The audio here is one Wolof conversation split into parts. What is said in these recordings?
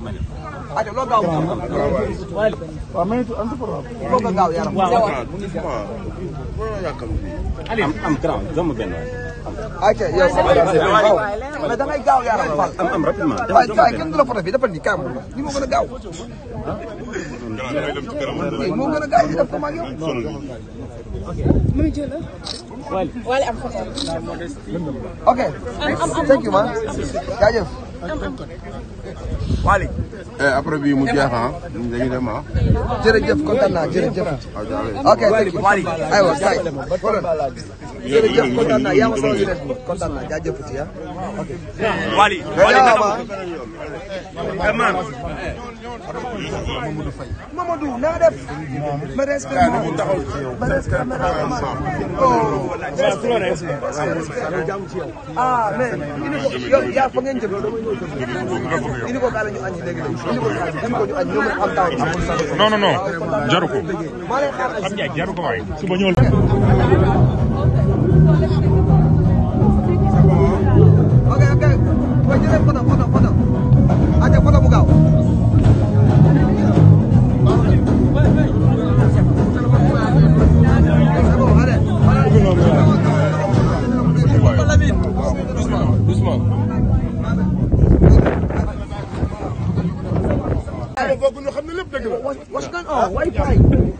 loo gaaw waaw mais am na problème. loo ko gaaw yaram. waaw am am grand dama benn waay. ayca yow mais da ngay gaaw yaram Fall. am am rapidement. waaw kaay kenn du la photo bi dafa nii kaay mu ni moo gën a gaaw. moo gën a gaaw ñu def ko ak yow. ok. am am am thank you ma jaajëf. Wally. Eh, après bii mu jeex ah dañuy dem ah. jërëjëf kontaan naa jërëjëf. Ah, ok Wally aywa kay. jërëjëf kontaan naa yaa ma soxla si ren kontaan naa jaajëf ci ah. Wally Wally naka ma respecté ma ma yaa fa ngeen jëm. indi ko kaa la ñu aññi léegi What's going on? Why you playing?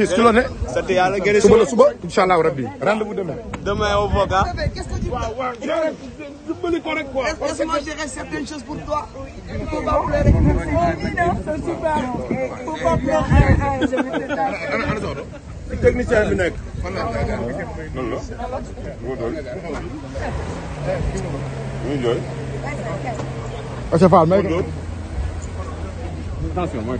6 kilos ne. sant yàlla gërëm suba la suba incha allah rabbi rendez-vous demain. demain au Voga. waaw waaw jërëjëf dimbali ko rek quoi. parce que moi j'ai certaines choses pour toi. Oh, il faut pas pleurer. il faut pas pleurer. technicien bi nekk. noonu la. moo doon. muy jooy. monsieur Fall may. attention mooy.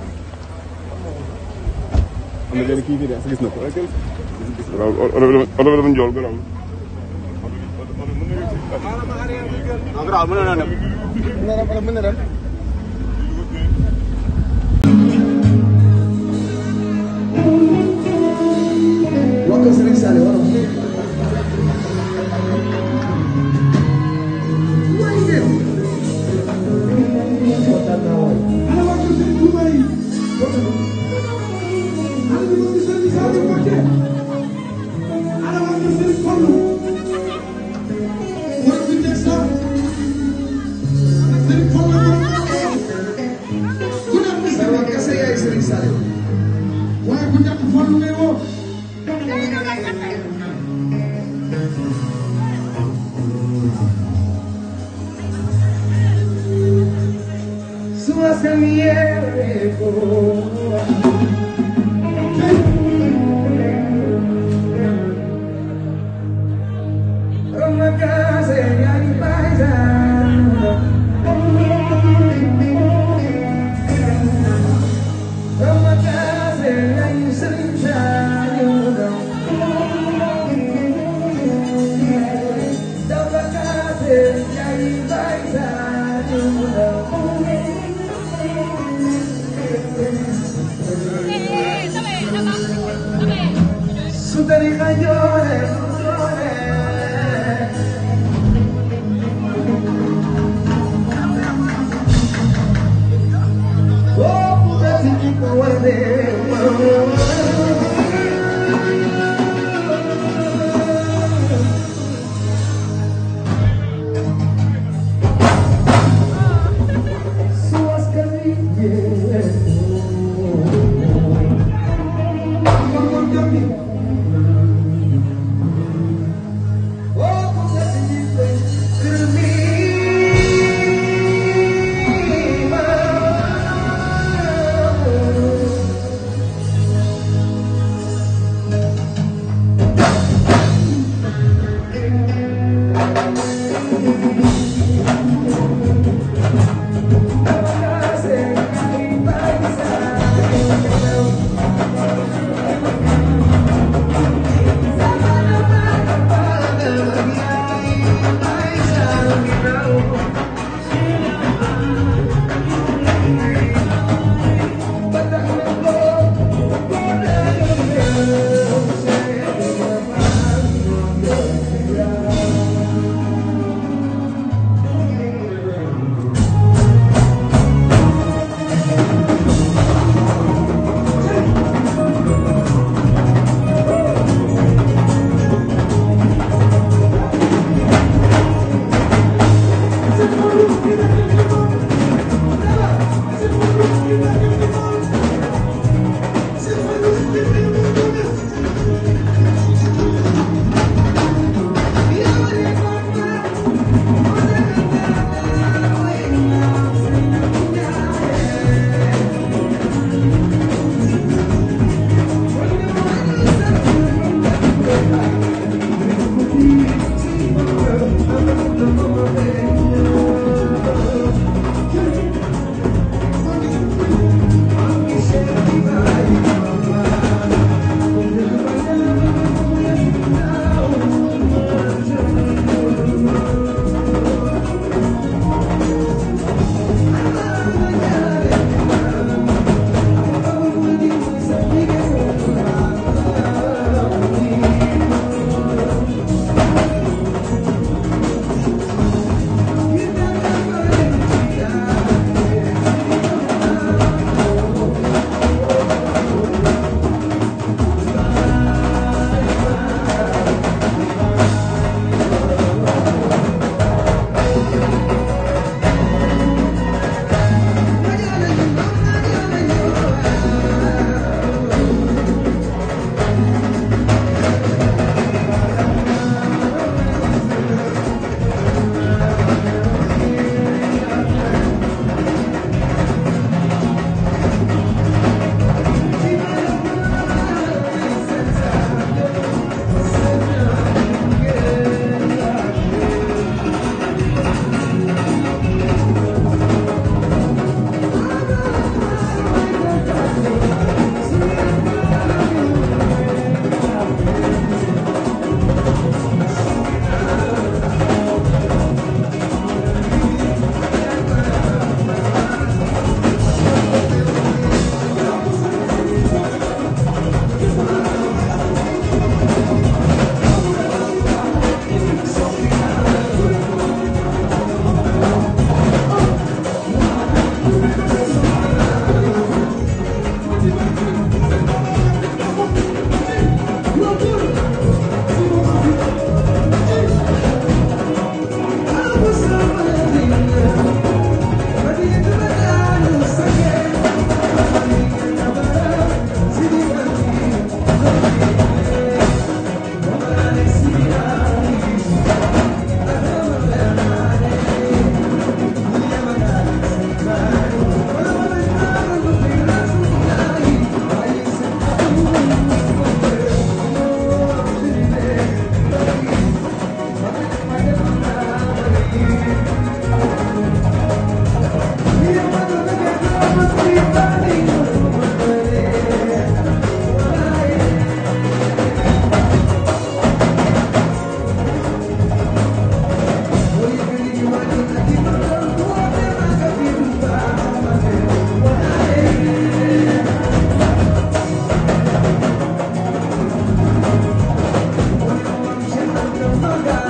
am na benn kii fii de as gis na ko. waaw olof olof dafa njool gën a am. waaw garaaw mën na dem. mën na dem. waa kër Serigne Saliou Burger.